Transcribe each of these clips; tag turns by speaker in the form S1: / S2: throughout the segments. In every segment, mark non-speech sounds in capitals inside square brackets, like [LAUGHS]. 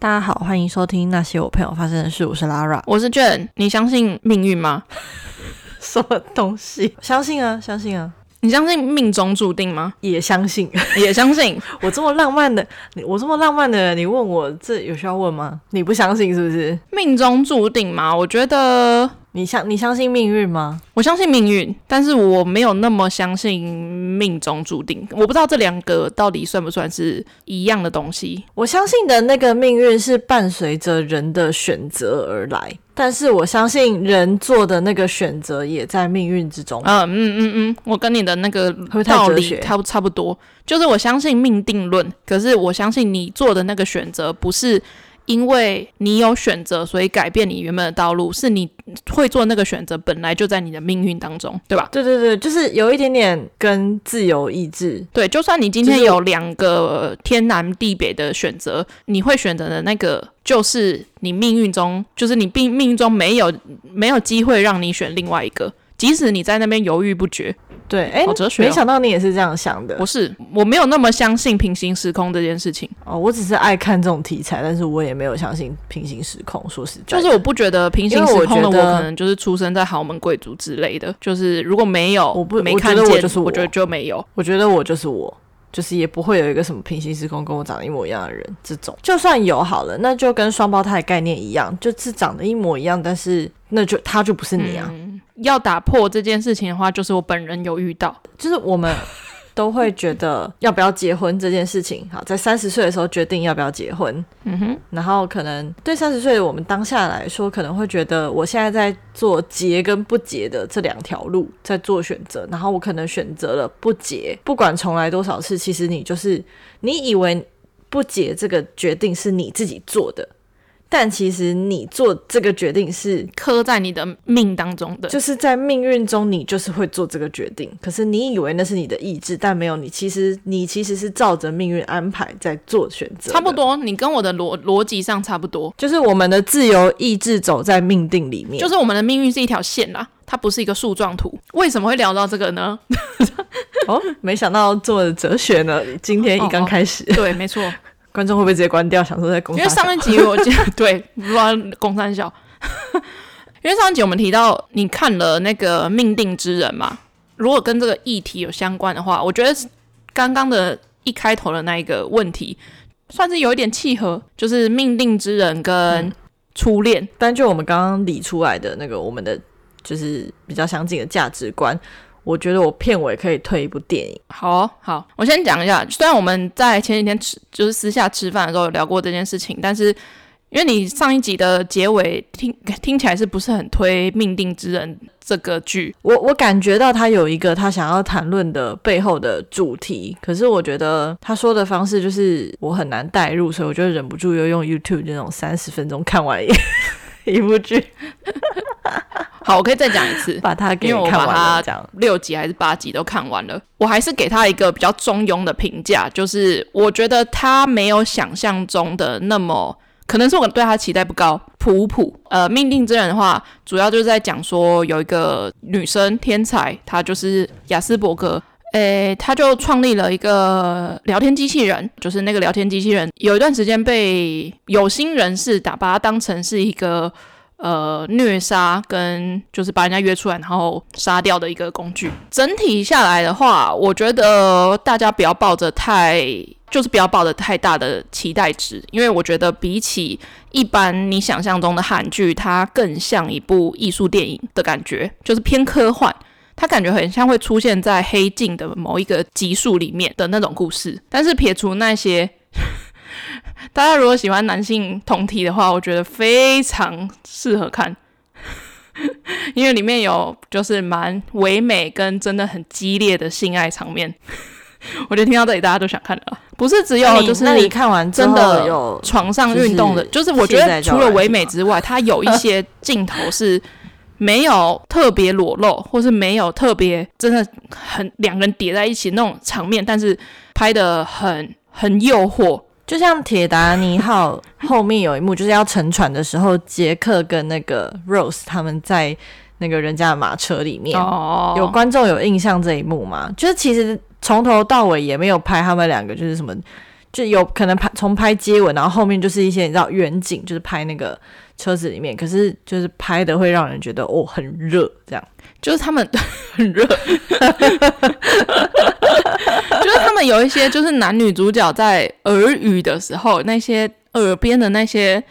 S1: 大家好，歡迎收聽那些我朋友發生的事。我是 Lara，我是卷。你相信命運嗎？ [LAUGHS] 什麼東西？ [LAUGHS] 相信啊，相信啊。你相信命中注定嗎？也相信，也相信。我這麼浪漫的，我這麼浪漫的，你問我這有需要問嗎？你不相信是不是？命中注定嗎？我覺得。你相，你相信命運嗎？我相信命運，但是我沒有那麼相信命中注定。我不知道這兩個到底算不算是一樣的東西。我相信的那個命運是伴隨着人的選擇而來，但是我相信人做的那個選擇也在命運之中。嗯嗯嗯嗯，我跟你的那個道理差不會，不會差不多，就是我相信命定論，可是我相信你做的那個選擇不是。因為你有選擇，所以改變你原本的道路，是你會做那個選擇，本來就在你的命運當中，對吧？對對對，就是有一點點跟自由意志。對，就算你今天有兩個天南地北的選擇，你會選擇的那個，就是你命運中，就是你命命運中沒有沒有機會讓你選另外一個。即使你在那邊猶豫不決，對，哎、欸，好哲學喔，沒想到你也是這樣想的。不是，我沒有那麼相信平行時空這件事情。哦，我只是愛看這種題材，但是我也沒有相信平行時空。說實話，就是我不覺得平行時空的我，我我可能就是出生在豪門貴族之類的。就是如果沒有，我不沒覺得我就是我，我覺得就沒有。我覺得我就是我，就是也不會有一個什麼平行時空跟我長得一模一樣的人。這種就算有好了，那就跟雙胞胎的概念一樣，就是長得一模一樣，但是那就他就不是你啊。嗯要打破這件事情的話，就是我本人有遇到，就是我們都會覺得要不要結婚這件事情，好，在三十歲的時候決定要不要結婚，嗯哼，然後可能對三十歲的我們當下來說，可能會覺得我現在在做結跟不結的這兩條路在做選擇，然後我可能選擇了不結，不管重來多少次，其實你就是你以為不結這個決定是你自己做的。但其實你做這個決定是刻在你的命當中的，就是在命運中，你就是會做這個決定。可是你以為那是你的意志，但沒有，你其實你其實是照着命運安排在做選擇。差不多，你跟我的邏邏輯上差不多，就是我們的自由意志走在命定裡面，就是我們的命運是一條線啦，它不是一個樹狀圖。為什麼會聊到這個呢？ [LAUGHS] 哦，沒想到做了哲學呢，今天一剛開始，哦哦，對，沒錯。觀眾會不會直接關掉？想說在公，因為上一集我講 [LAUGHS] 對亂工三小，因為上一集我們提到你看了那個命定之人嘛，如果跟這個議題有相關的話，我覺得剛剛的一開頭的那一個問題，算是有一點契合，就是命定之人跟初戀、嗯。但就我們剛剛理出來的那個，我們的就是比較相近的價值觀。我覺得我片尾可以推一部電影，好、哦，好，我先講一下。雖然我們在前幾天吃，就是私下吃飯的時候有聊過這件事情，但是因為你上一集的結尾聽聽起來是不是很推《命定之人》這個劇？我我感覺到他有一個他想要談論的背後的主題，可是我覺得他說的方式就是我很難代入，所以我就忍不住又用 YouTube 那種三十分鐘看完一 [LAUGHS] 一部劇劇。 [LAUGHS] 好，我可以再講一次， [LAUGHS] 把它他給，因為我把它六集還是八集都看完了，我還是給他一個比較中庸的評價，就是我覺得他沒有想象中的那麼，可能是我對他期待不高，普普。呃，命定之人的話，主要就是在講說有一個女生天才，她就是亞斯伯格，誒、欸，她就創立了一個聊天機器人，就是那個聊天機器人，有一段時間被有心人士打把它當成是一個。呃，虐殺跟就是把人家約出來然後殺掉的一個工具。整體下來的話，我覺得大家不要抱着太，就是不要抱着太大的期待值，因為我覺得比起一般你想象中的韓劇，它更像一部藝術電影的感覺，就是偏科幻，它感覺很像會出現在黑鏡的某一個集數裡面的那種故事。但是撇除那些。大家如果喜歡男性同體的話，我覺得非常適合看， [LAUGHS] 因為裡面有就是蠻唯美跟真的很激烈的性愛場面。 [LAUGHS] 我覺得聽到這裡大家都想看了，不是只有、哦、就是那你看完真的有床上運動的，就是，就是我覺得除了唯美之外，它有一些鏡頭是沒有特別裸露，或是沒有特別真的很兩個人疊在一起那種場面，但是拍得很很誘惑。就像鐵達尼號 [LAUGHS] 後面有一幕，就是要沉船的時候，傑克跟那個 Rose 他們在那個人家的馬車裡面，oh. 有觀眾有印象這一幕嗎？就是其實從頭到尾也沒有拍他們兩個，就是什麼，就有可能拍從拍接吻，然後後面就是一些你知道遠景，就是拍那個。車子裡面，可是就是拍的會讓人覺得哦，很熱，這樣。就是他們呵呵很熱， [LAUGHS] 就是他們有一些就是男女主角在耳語的時候，那些耳邊的那些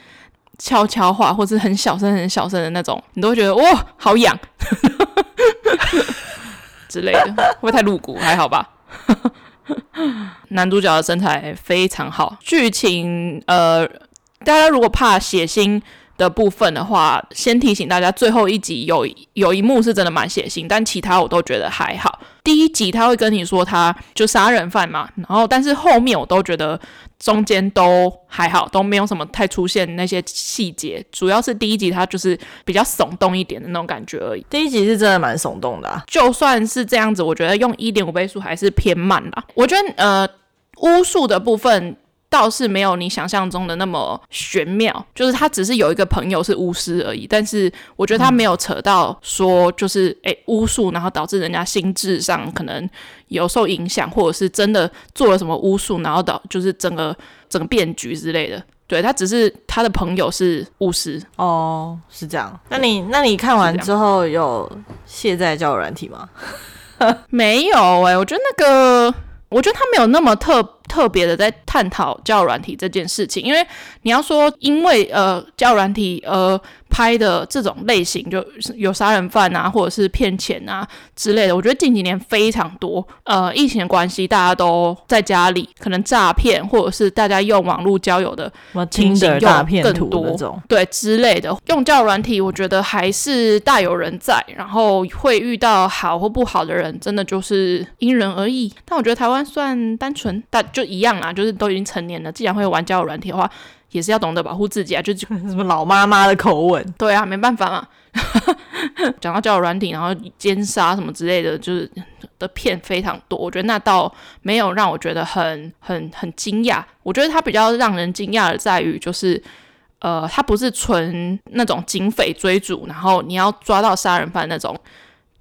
S1: 悄悄話，或是很小聲很小聲的那種，你都會覺得哇、哦、好癢 [LAUGHS] 之類的，會不會太露骨？還好吧。 [LAUGHS] 男主角的身材非常好，劇情呃，大家如果怕血腥。的部分的話，先提醒大家，最後一集有有一幕是真的蠻血腥，但其他我都覺得還好。第一集他會跟你說他就殺人犯嘛，然後但是後面我都覺得中間都還好，都沒有什麼太出現那些細節，主要是第一集他就是比較聳動一點的那種感覺而已。第一集是真的蠻聳動的啊，就算是這樣子，我覺得用一點五倍速還是偏慢啦。我覺得呃巫術的部分。倒是沒有你想象中的那麼玄妙，就是他只是有一個朋友是巫師而已。但是我覺得他沒有扯到說，就是哎、嗯欸、巫術，然後導致人家心智上可能有受影響，或者是真的做了什麼巫術，然後導就是整個整個變局之類的。對，他只是他的朋友是巫師。哦，是這樣。那你那你看完之後有卸載交友軟體嗎？ [LAUGHS] 沒有哎、欸，我覺得那個，我覺得他沒有那麼特。特別的在探討交友軟體這件事情，因為你要說，因為呃交友軟體而拍的這種類型，就有殺人犯啊，或者是騙錢啊之類的。我覺得近幾年非常多，呃疫情的關係，大家都在家裡，可能詐騙或者是大家用網絡交友的，Tinder 詐騙更多對之類的，用交友軟體，我覺得還是大有人在。然後會遇到好或不好的人，真的就是因人而異。但我覺得台灣算單純，但。就一樣啊，就是都已經成年了，既然會玩交友軟體的話，也是要懂得保護自己啊。就就什麼老媽媽的口吻，對啊，沒辦法嘛。講 [LAUGHS] 到交友軟體，然後姦殺什麼之類的，就是的片非常多。我覺得那倒沒有讓我覺得很很很驚訝。我覺得他比較讓人驚訝的在於，就是呃，他不是純那種警匪追逐，然後你要抓到殺人犯那種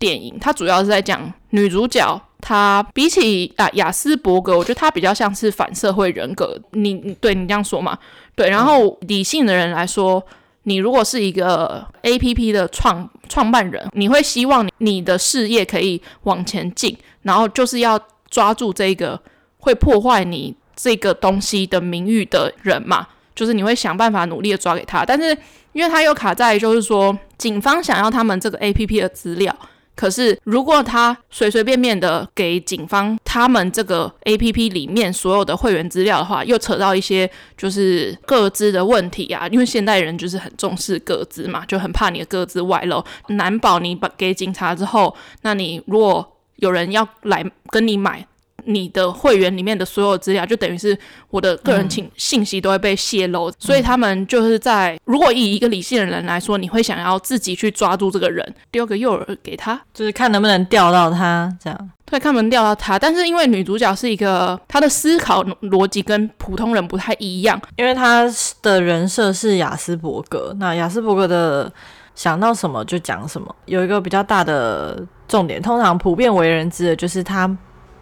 S1: 電影。他主要是在講女主角。他比起啊，亞斯伯格，我覺得他比較像是反社會人格。你對你這樣說嘛。對，然後理性的人來說，你如果是一個 A P P 的創創辦人，你會希望你你的事業可以往前進，然後就是要抓住這個會破壞你這個東西的名譽的人嘛，就是你會想辦法努力的抓給他。但是因為他又卡在，就是說警方想要他們這個 A P P 的資料。可是，如果他隨隨便便的給警方他們這個 APP 裡面所有的會員資料的話，又扯到一些就是個資的問題啊。因為現代人就是很重視個資嘛，就很怕你的個資外漏，難保你把給警察之後，那你如果有人要來跟你買你的會員裡面的所有資料，就等於是我的個人信信息，都會被洩露，嗯、所以他們就是在，如果以一個理性的人來說，你會想要自己去抓住這個人，丟個誘餌給他，就是看能不能釣到他，這樣。對，看能不能釣到他。但是因為女主角是一個她的思考邏輯跟普通人不太一樣，因為她的人設是亞斯伯格，那亞斯伯格的想到什麼就講什麼，有一個比較大的重點，通常普遍為人知的就是他。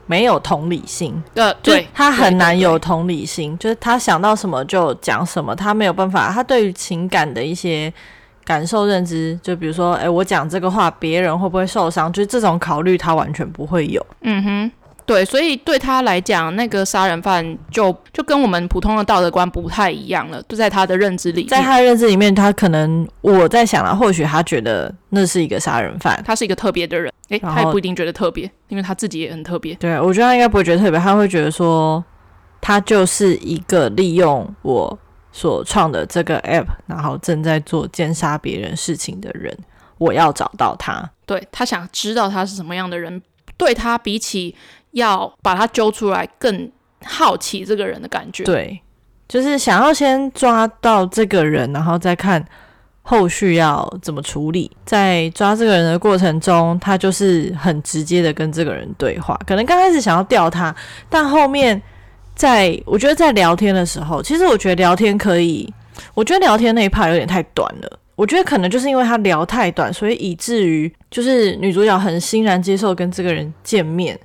S1: 沒有同理心，對、就是，他很難有同理心，就是他想到什麼就講什麼，他沒有辦法，他對於情感的一些感受認知，就比如說，哎，我講這個話，別人會不會受傷，就是、這種考慮他完全不會有，嗯哼。對，所以對他來講，那個殺人犯就就跟我們普通的道德觀不太一樣了。就在他的認知裡面，在他的認知裡面，他可能我在想啊，或許他覺得那是一個殺人犯，他是一個特別的人。誒、欸，後他也不一定覺得特別，因為他自己也很特別。對，我覺得他應該不會覺得特別，他會覺得說，他就是一個利用我所創的這個 app，然後正在做姦殺別人事情的人。我要找到他。對，他想知道他是什麼樣的人，對他比起。要把他揪出來，更好奇這個人的感覺。對，就是想要先抓到這個人，然後再看後續要怎麼處理。在抓這個人的過程中，他就是很直接的跟這個人對話。可能剛開始想要吊他，但後面在我覺得在聊天的時候，其實我覺得聊天可以，我覺得聊天那一趴有點太短了。我覺得可能就是因為他聊太短，所以以至於就是女主角很欣然接受跟這個人見面。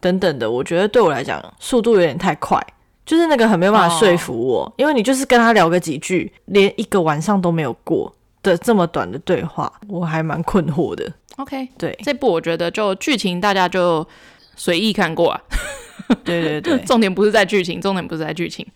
S1: 等等的，我覺得對我來講速度有點太快，就是那個很沒有辦法說服我，Oh. 因為你就是跟他聊個幾句，連一個晚上都沒有過的這麼短的對話，我還蠻困惑的。OK，對，這部我覺得就劇情大家就隨意看過，啊，對對對，重點不是在劇情，重點不是在劇情。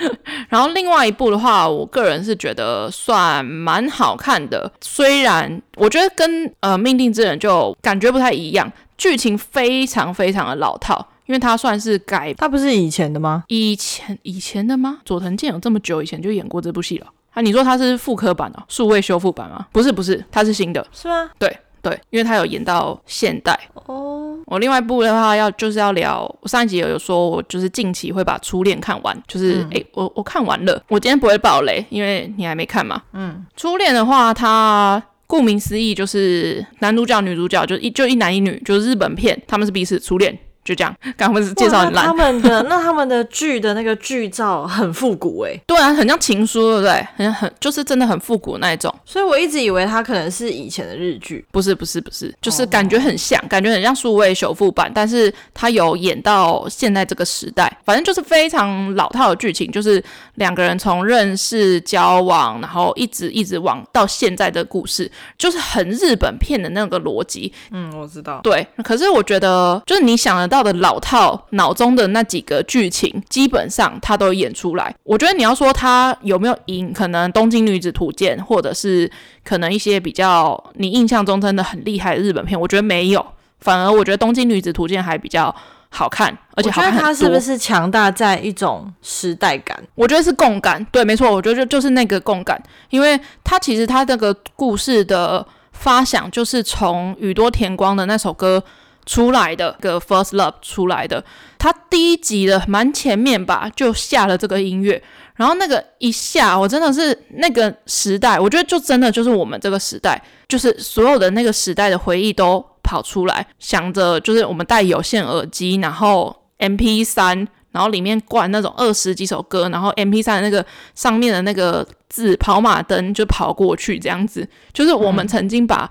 S1: [LAUGHS] 然後另外一部的話，我個人是覺得算蠻好看的，雖然我覺得跟呃《命定之人》就感覺不太一樣。劇情非常非常的老套，因為它算是改，它不是以前的嗎？以前以前的嗎？佐藤健有這麼久以前就演過這部戲了喔？啊，你說它是復刻版啊喔？數位修復版嗎？不是不是，它是新的，是嗎？對對，因為它有演到現代。哦，我另外一部的話要就是要聊，我上一集有有說，我就是近期會把《初戀》看完，就是誒，嗯，欸，我我看完了，我今天不會爆雷，因為你還沒看嘛。嗯，《初戀》的話，它。顧名思義，就是男主角、女主角，就一就一男一女，就是日本片，他們是彼此初戀。就這樣，剛剛是介紹很爛。那他們的 [LAUGHS] 那他們的劇的那個劇照很復古哎，欸，對啊，很像情書，對不對？很很就是真的很復古那一種。所以我一直以為他可能是以前的日劇，不是不是不是，就是感覺很像，哦，感覺很像數位修復版，但是他有演到現在這個時代，反正就是非常老套的劇情，就是兩個人從認識、交往，然後一直一直往到現在的故事，就是很日本片的那個邏輯。嗯，我知道，對。可是我覺得，就是你想得到。的老套腦中的那幾個劇情，基本上他都演出來。我覺得你要說他有沒有贏，可能《東京女子圖鑑》或者是可能一些比較你印象中真的很厲害的日本片，我覺得沒有。反而我覺得《東京女子圖鑑》還比較好看，而且好看。它是不是強大在一種時代感？我覺得是共感，對，沒錯。我覺得就就是那個共感，因為它其實它這個故事的發想就是從宇多田光的那首歌。出來的個 First Love 出來的，它第一集的蠻前面吧，就下了這個音樂，然後那個一下，我真的是那個時代，我覺得就真的就是我們這個時代，就是所有的那個時代的回憶都跑出來，想着就是我們戴有線耳機，然後 MP3，然後裡面灌那種二十幾首歌，然後 MP3 那個上面的那個字跑馬燈就跑過去這樣子，就是我們曾經把。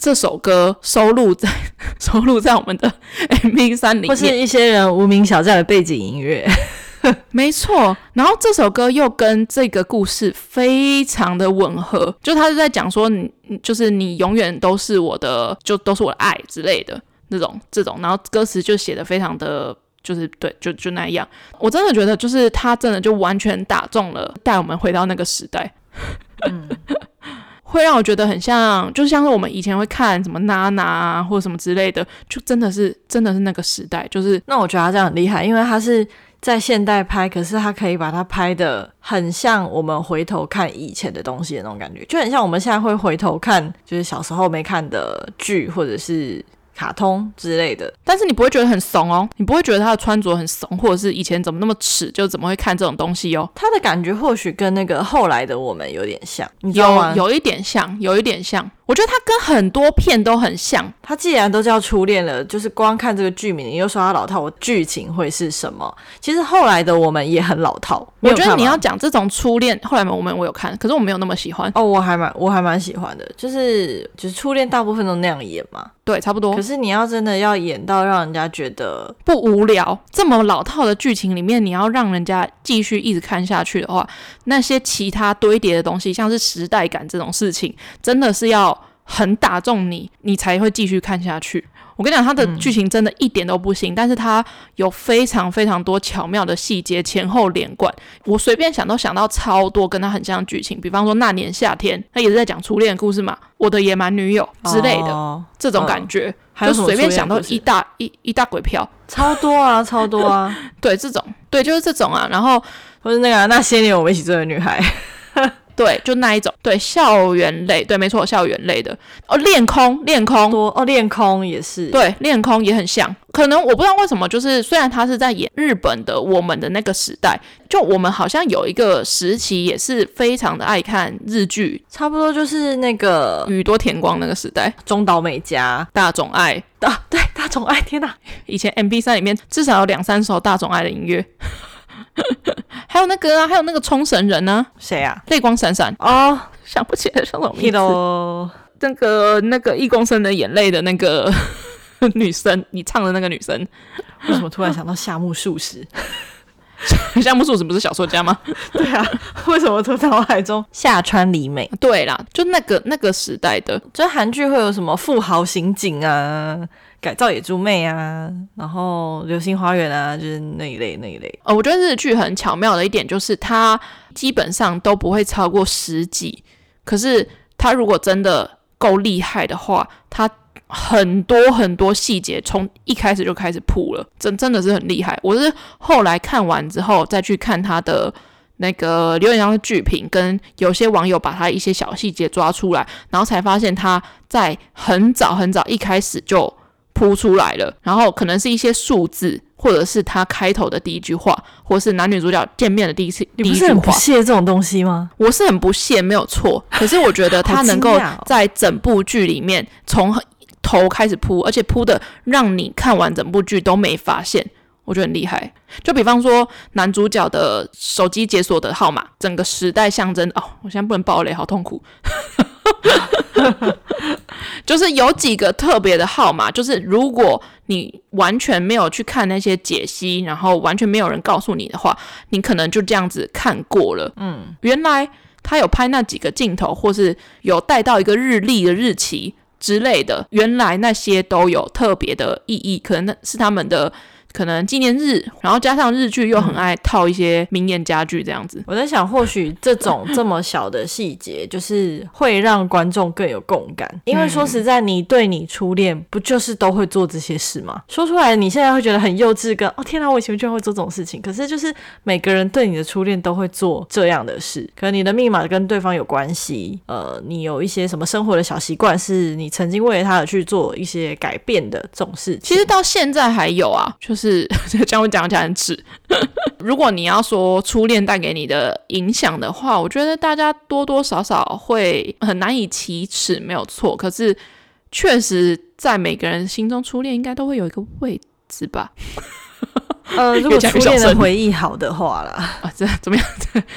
S1: 這首歌收錄在收錄在我們的 MP3 裡，或是一些人無名小站的背景音樂， [LAUGHS] 沒錯。然後這首歌又跟這個故事非常的吻合，就他是在講說，你就是你永遠都是我的，就都是我的愛之類的那種這種。然後歌詞就寫得非常的，就是對，就就那樣。我真的覺得就是他真的就完全打中了，帶我們回到那個時代。嗯會讓我覺得很像，就像是我們以前會看什麼娜娜啊，或者什麼之類的，就真的是真的是那個時代。就是那我覺得他這樣很厲害，因為他是在現代拍，可是他可以把它拍得很像我們回頭看以前的東西的那種感覺，就很像我們現在會回頭看，就是小時候沒看的劇或者是。卡通之類的，但是你不會覺得很慫哦，你不會覺得他的穿着很慫，或者是以前怎麼那麼恥，就怎麼會看這種東西哦？他的感覺或許跟那個後來的我們有點像，嗎有有一點像，有一點像。我覺得他跟很多片都很像。他既然都叫初戀了，就是光看這個劇名，你又說他老套，我劇情會是什麼？其實後來的我們也很老套。我覺得你要講這種初戀，後來我們我有看，可是我沒有那麼喜歡哦。我還蠻我還蠻喜歡的，就是就是初戀大部分都那樣演嘛，對，差不多。可是。是你要真的要演到讓人家覺得不無聊，這麼老套的劇情裡面，你要讓人家繼續一直看下去的話，那些其他堆疊的東西，像是時代感這種事情，真的是要很打中你，你才會繼續看下去。我跟你講，他的劇情真的一點都不行。嗯、但是他有非常非常多巧妙的細節，前後連貫。我隨便想都想到超多，跟他很像的劇情。比方說《那年夏天》，他也是在講初戀故事嘛，《我的野蠻女友》之類的、哦、這種感覺，哦、就隨便想到一大一、哦、一大鬼票，超多啊，超多啊。 [LAUGHS] 對，這種對就是這種啊。然後不是那個、啊、那些年我們一起追的女孩。 [LAUGHS] 對，就那一種。對，校園類，對，沒錯，校園類的。哦，戀空，戀空多。哦，戀空也是。對，戀空也很像。可能我不知道為什麼，就是雖然他是在演日本的我們的那個時代，就我們好像有一個時期也是非常的愛看日劇，差不多就是那個宇多田光那個時代，中島美嘉、大塚愛啊，對，大塚愛。天哪， [LAUGHS] 以前 M P 三裡面至少有兩三首大塚愛的音樂。 [LAUGHS] 還有那個啊，還有那個沖繩人呢？誰啊？淚光閃閃哦，oh, 想不起來叫什麼名字。Hi ro. 那個那個一公升的眼淚的那個女生，你唱的那個女生，為什麼突然想到夏目漱石？ [LAUGHS] 夏目漱石不是小說家嗎？ [LAUGHS] 對啊，為什麼突然腦海中 [LAUGHS] 夏川里美？對啦，就那個那個時代的，就韓劇會有什麼富豪刑警啊？改造野豬妹啊，然後流星花園啊，就是那一類那一類。哦、呃，我覺得日劇很巧妙的一點就是，它基本上都不會超過十集，可是他如果真的夠厲害的話，他很多很多細節從一開始就開始鋪了，真真的是很厲害。我是後來看完之後再去看他的那個留言上的劇評，跟有些網友把他一些小細節抓出來，然後才發現他在很早很早一開始就。鋪出來了，然後可能是一些數字，或者是他開頭的第一句話，或者是男女主角見面的第一次。你不是很不屑這種東西嗎？我是很不屑，沒有錯。可是我覺得他能夠在整部劇裡面從頭開始鋪，而且鋪的讓你看完整部劇都沒發現，我覺得很厲害。就比方說男主角的手機解鎖的號碼，整個時代象徵哦，我現在不能爆雷，好痛苦。 [LAUGHS] [LAUGHS] 就是有幾個特別的號碼，就是如果你完全沒有去看那些解析，然後完全沒有人告訴你的話，你可能就這樣子看過了。嗯，原來他有拍那幾個鏡頭，或是有帶到一個日曆的日期之類的，原來那些都有特別的意義，可能是他們的。可能紀念日，然後加上日劇又很愛套一些名言佳句這樣子。我在想，或許這種這麼小的細節，就是會讓觀眾更有共感。因為說實在，你對你初戀不就是都會做這些事嗎？嗯、說出來你現在會覺得很幼稚跟，跟哦天哪，我以前居然會做這種事情。可是就是每個人對你的初戀都會做這樣的事。可能你的密碼跟對方有關係，呃，你有一些什麼生活的小習慣是你曾經為了他而去做一些改變的這種事其實到現在還有啊，就是是，這樣我講起來很遲。如果你要說初戀帶給你的影響的話，我覺得大家多多少少會很難以啟齒，沒有錯。可是，確實在每個人心中，初戀應該都會有一個位置吧？呃，如果初戀的回憶好的話了啊，這怎麼樣？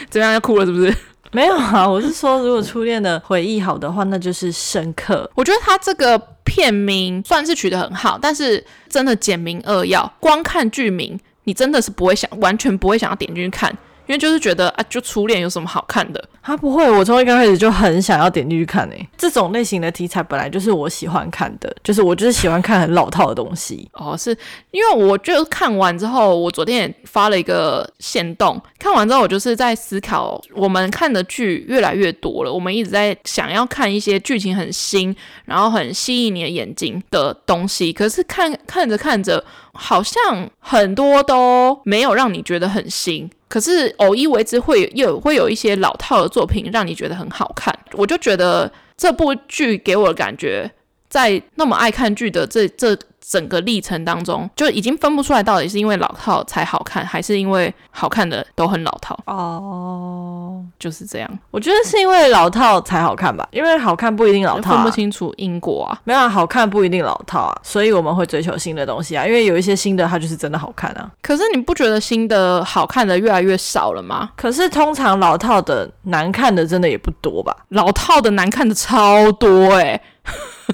S1: 怎麼樣，要哭了是不是？沒有啊，我是說，如果初戀的回憶好的話， [LAUGHS] 那就是深刻。我覺得他這個片名算是取得很好，但是真的簡明扼要，光看劇名，你真的是不會想，完全不會想要點進去看。因為就是覺得啊，就初戀有什麼好看的？他、啊、不會，我從一剛開始就很想要點進去看誒、欸。這種類型的題材本來就是我喜歡看的，就是我就是喜歡看很老套的東西。哦，是因為我就看完之後，我昨天也發了一個限動。看完之後，我就是在思考，我們看的劇越來越多了，我們一直在想要看一些劇情很新，然後很吸引你的眼睛的東西。可是看看着看着，好像很多都沒有讓你覺得很新。可是偶一為之會有又會有一些老套的作品讓你覺得很好看，我就覺得這部劇給我的感覺，在那麼愛看劇的這這。整個歷程當中就已經分不出來，到底是因為老套才好看，還是因為好看的都很老套哦，oh, 就是這樣。我覺得是因為老套才好看吧，因為好看不一定老套，啊，分不清楚因果啊。沒有、啊、好看不一定老套啊，所以我們會追求新的東西啊，因為有一些新的它就是真的好看啊。可是你不覺得新的好看的越來越少了嗎？可是通常老套的難看的真的也不多吧？老套的難看的超多哎、欸，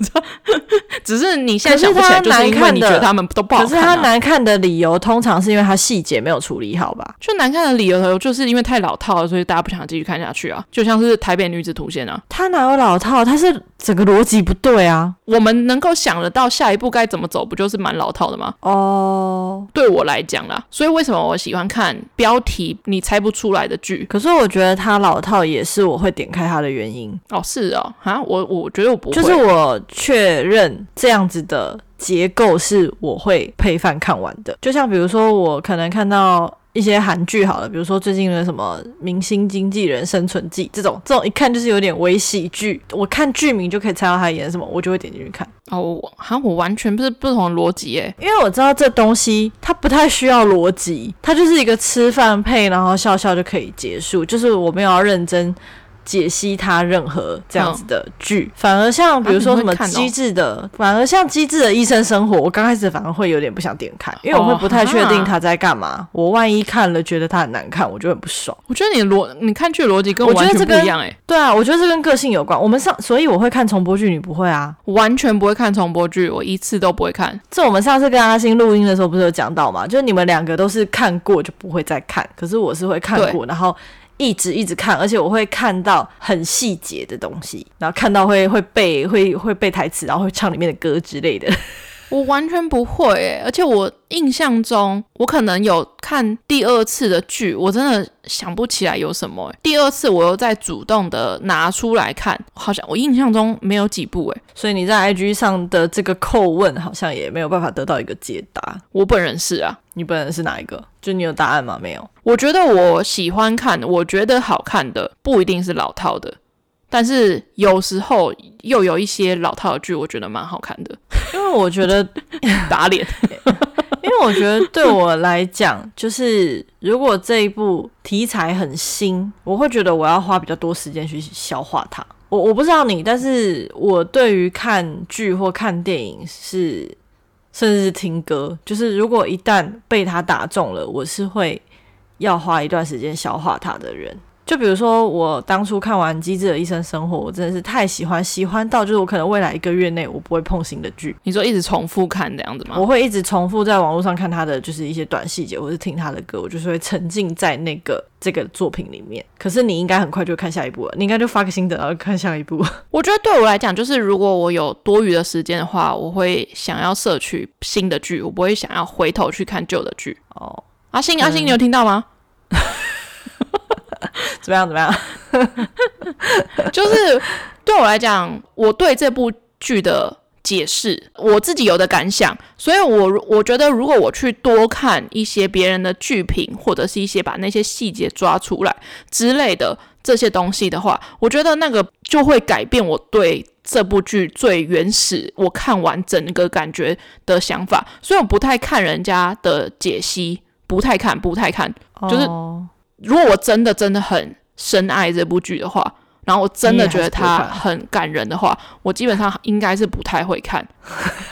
S1: [LAUGHS] 只是你現在想不起來就。難看的，他們都不好啊。可是它難看的理由，通常是因為它細節沒有處理好吧？就難看的理由，就是因為太老套了，所以大家不想繼續看下去啊。就像是台北女子圖鑑啊，它哪有老套？它是整個邏輯不對啊。我們能夠想得到下一步該怎麼走，不就是蠻老套的嗎？哦，oh, 對我來講啦，所以為什麼我喜歡看標題你猜不出來的劇？可是我覺得它老套也是我會點開它的原因哦。是哦，啊，我我覺得我不會就是我確認這樣子的。結構是我會配飯看完的，就像比如說我可能看到一些韓劇，好了，比如說最近的什麼《明星經紀人生存記》這種，這種一看就是有點微喜劇，我看劇名就可以猜到他演什麼，我就會點進去看。哦，好像我完全不是不同的邏輯誒，因為我知道這東西它不太需要邏輯，它就是一個吃飯配然後笑笑就可以結束，就是我沒有要認真。解析他任何這樣子的劇，嗯、反而像比如說什麼機智的，啊哦、反而像機智的醫生生活，我剛開始反而會有點不想點開，因為我會不太確定他在幹嘛。哦、哈哈我萬一看了覺得他很難看，我就很不爽。我覺得你邏你看劇邏輯跟我、欸、我覺得這不一樣哎。對啊，我覺得這跟個、個性有關。我們上所以我會看重播劇，你不會啊？完全不會看重播劇，我一次都不會看。這，我們上次跟阿星錄音的時候不是有講到嗎？就是你們兩個都是看過就不會再看，可是我是會看過，對然後。一直一直看，而且我會看到很細節的東西，然後看到會，會背，會，會背台詞，然後會唱裡面的歌之類的。我完全不會欸，而且我印象中我可能有看第二次的劇，我真的想不起來有什麼欸。第二次我又再主動的拿出來看，好像我印象中沒有幾部欸。所以你在 IG 上的這個扣問好像也沒有辦法得到一個解答。我本人是啊，你本人是哪一個？就你有答案嗎？沒有。我覺得我喜歡看，我覺得好看的不一定是老套的。但是有時候又有一些老套的劇，我覺得蠻好看的，因為我覺得打臉，因為我覺得對我來講，就是，如果這一部題材很新，我會覺得我要花比較多時間去消化它。我我不知道你，但是我對於看劇或看電影是，甚至是聽歌，就是如果一旦被它打中了，我是會要花一段時間消化它的人。就比如說，我當初看完《機智的醫生生活》，我真的是太喜歡，喜歡到就是我可能未來一個月內我不會碰新的劇。你說一直重複看這樣子嗎？我會一直重複在網絡上看他的，就是一些短細節，或是聽他的歌，我就是會沉浸在那個這個作品裡面。可是你應該很快就看下一部了，你應該就發個心得，然後看下一部。我覺得對我來講，就是如果我有多餘的時間的話，我會想要攝取新的劇，我不會想要回頭去看舊的劇。哦、oh.
S2: 嗯，阿信，阿信，你有
S1: 聽到嗎？怎麼，怎麼樣？怎麼樣？就是對我來講，我對這部劇的解釋，我自己有的感想，所以我我覺得，如果我去多看一些別人的劇評，或者是一些把那些細節抓出來之類的這些東西的話，我覺得那個就會改變我對這部劇最原始我看完整個感覺的想法。所以我不太看人家的解析，不太看，不太看，就是。如果我真的真的很深愛這部劇的話，然後我真的覺得它很感人的話，話我基本上應該是不太會看。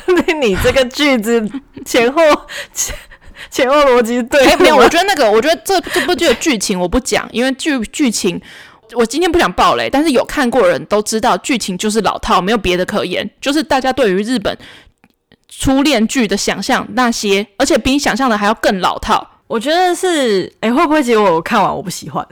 S1: 那 [LAUGHS] 你這個句子前後前 [LAUGHS] 前後邏輯對、欸？沒有，我覺得那個，我覺得這這部劇的劇情我不講，因為劇劇情我今天不想爆雷、欸。但是有看過人都知道，劇情就是老套，沒有別的可言，就是大家對於日本初戀劇的想象那些，而且比你想象的還要更老套。我覺得是，哎、欸，會不會結果我看完我不喜歡？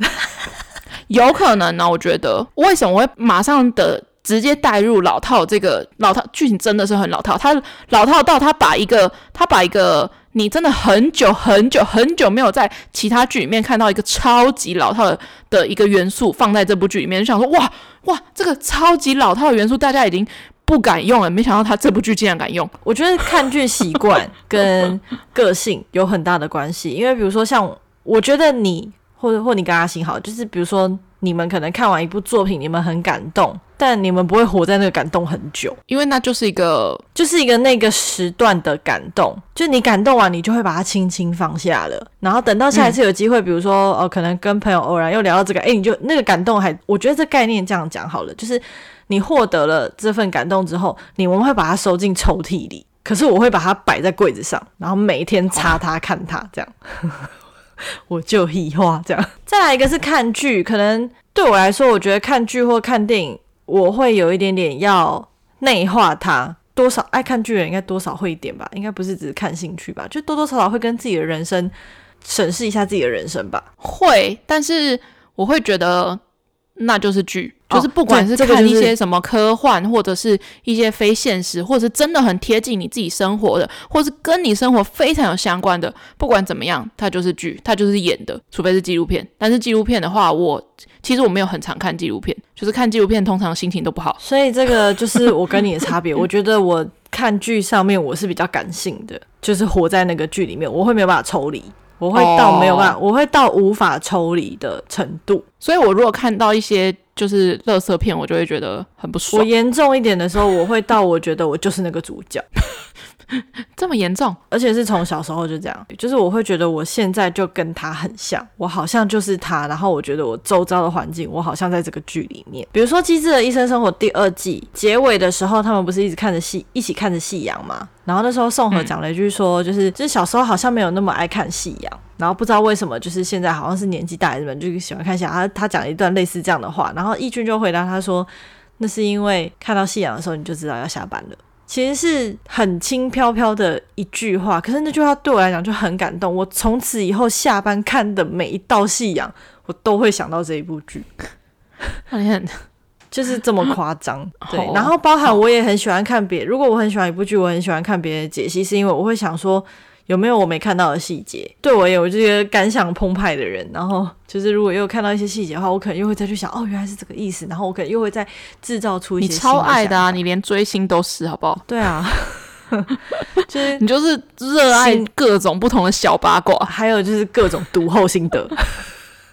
S1: [LAUGHS] 有可能呢、啊。我覺得，為什麼我會馬上的直接帶入老套？這個老套劇情真的是很老套，他老套到他把一個他把一個你真的很久很久很久沒有在其他劇裡面看到一個超級老套的一個元素放在這部劇裡面，就想說哇哇，這個超級老套的元素大家已經。不敢用了，欸，沒想到他這部劇竟然敢用。我覺得看劇習慣跟個性有很大的關係， [LAUGHS] 因為比如說像，我覺得你或者或你跟阿星好，就是比如說你們可能看完一部作品，你們很感動，但你們不會活在那個感動很久，因為那就是一個就是一個那個時段的感動，就你感動完，你就會把它輕輕放下了，然後等到下一次有機會，嗯、比如說呃、哦、可能跟朋友偶然又聊到這個，哎、欸，你就那個感動還，我覺得這概念這樣講好了，就是。你獲得了這份感動之後，你們會把它收進抽屜裡。可是我會把它擺在櫃子上，然後每一天擦它、哇看它，這樣 [LAUGHS] 我就喜歡這樣。再來一個是看劇，可能對我來說，我覺得看劇或看電影，我會有一點點要內化它。多少愛看劇的人應該多少會一點吧？應該不是只是看興趣吧？就多多少少會跟自己的人生審視一下自己的人生吧。會，但是我會覺得。那就是劇，就是不管是看一些什麼科幻，或者是一些非現實，或者是真的很貼近你自己生活的，或是跟你生活非常有相關的，不管怎麼樣，它就是劇，它就是演的，除非是紀錄片。但是紀錄片的話我，我其實我沒有很常看紀錄片，就是看紀錄片通常心情都不好。所以這個就是我跟你的差別。 [LAUGHS] 我覺得我看劇上面我是比較感性的，就是活在那個劇裡面，我會沒有辦法抽離。我會到沒有辦法，Oh. 我會到無法抽離的程度，所以我如果看到一些就是樂色片，我就會覺得很不舒服。我嚴重一點的時候，我會到我覺得我就是那個主角。 [LAUGHS] 這麼嚴重，而且是從小時候就這樣，就是我會覺得我現在就跟他很像，我好像就是他。然後我覺得我周遭的環境，我好像在這個劇裡面。比如說《機智的醫生生活》第二季結尾的時候，他們不是一直看着戲，一起看着夕陽嗎？然後那時候宋和講了一句說，就是、嗯、就是小時候好像沒有那麼愛看夕陽，然後不知道為什麼，就是現在好像是年紀大了，人們就喜歡看夕陽。他他講了一段類似這樣的話，然後易俊就回答他說，那是因為看到夕陽的時候，你就知道要下班了。其實是很輕飄飄的一句話，可是那句話對我來講就很感動。我從此以後下班看的每一道夕陽，我都會想到這一部劇。很 [LAUGHS] [LAUGHS] 就是這麼誇張， [COUGHS] 對。然後包含我也很喜歡看別，如果我很喜歡一部劇，我很喜歡看別人的解析，是因為我會想說。有沒有我沒看到的細節？對我也有這些感想、澎湃的人，然後就是如果又看到一些細節的話，我可能又會再去想，哦，原來是這個意思。然後我可能又會再製造出一些。你超愛的啊！你連追星都是，好不好？對啊， [LAUGHS] 就是你就是熱愛各種不同的小八卦，還有就是各種讀後心得。 [LAUGHS]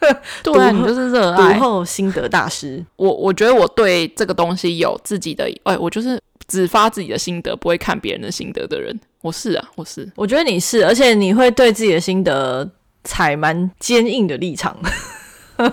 S2: [LAUGHS] 厚對，你就是熱愛。讀後
S1: 心得大師，我我覺得我對這個東西有自己的，哎，我就是只發自己的心得，不會看別人的心得的人。我是啊，我是。我覺得你是，而且你會對自己的心得踩蠻堅硬的立場。 [LAUGHS]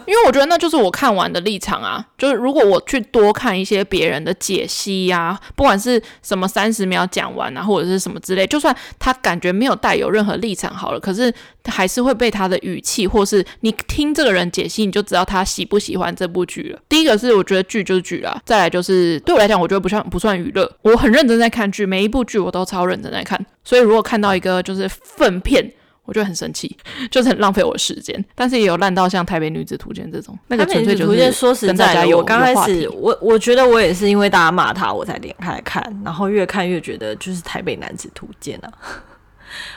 S1: 因為我覺得那就是我看完的立場啊，就是如果我去多看一些別人的解析呀，啊，不管是什麼三十秒講完啊，或者是什麼之類，就算他感覺沒有帶有任何立場好了，可是還是會被他的語氣，或是你聽這個人解析，你就知道他喜不喜歡這部劇了。第一個是我覺得劇就是劇啦，再來就是對我來講，我覺得不算不算娛樂，我很認真在看劇，每一部劇我都超認真在看，所以如果看到一個就是糞片。我覺得很生氣，就是很浪費我時間。但是也有爛到像《台北女子圖鑑》這種，那個純粹就是跟大家有剛開始。我我覺得我也是因為大家罵他，我才點開看，然後越看越覺得就是《台北男子圖鑑》啊。 [LAUGHS]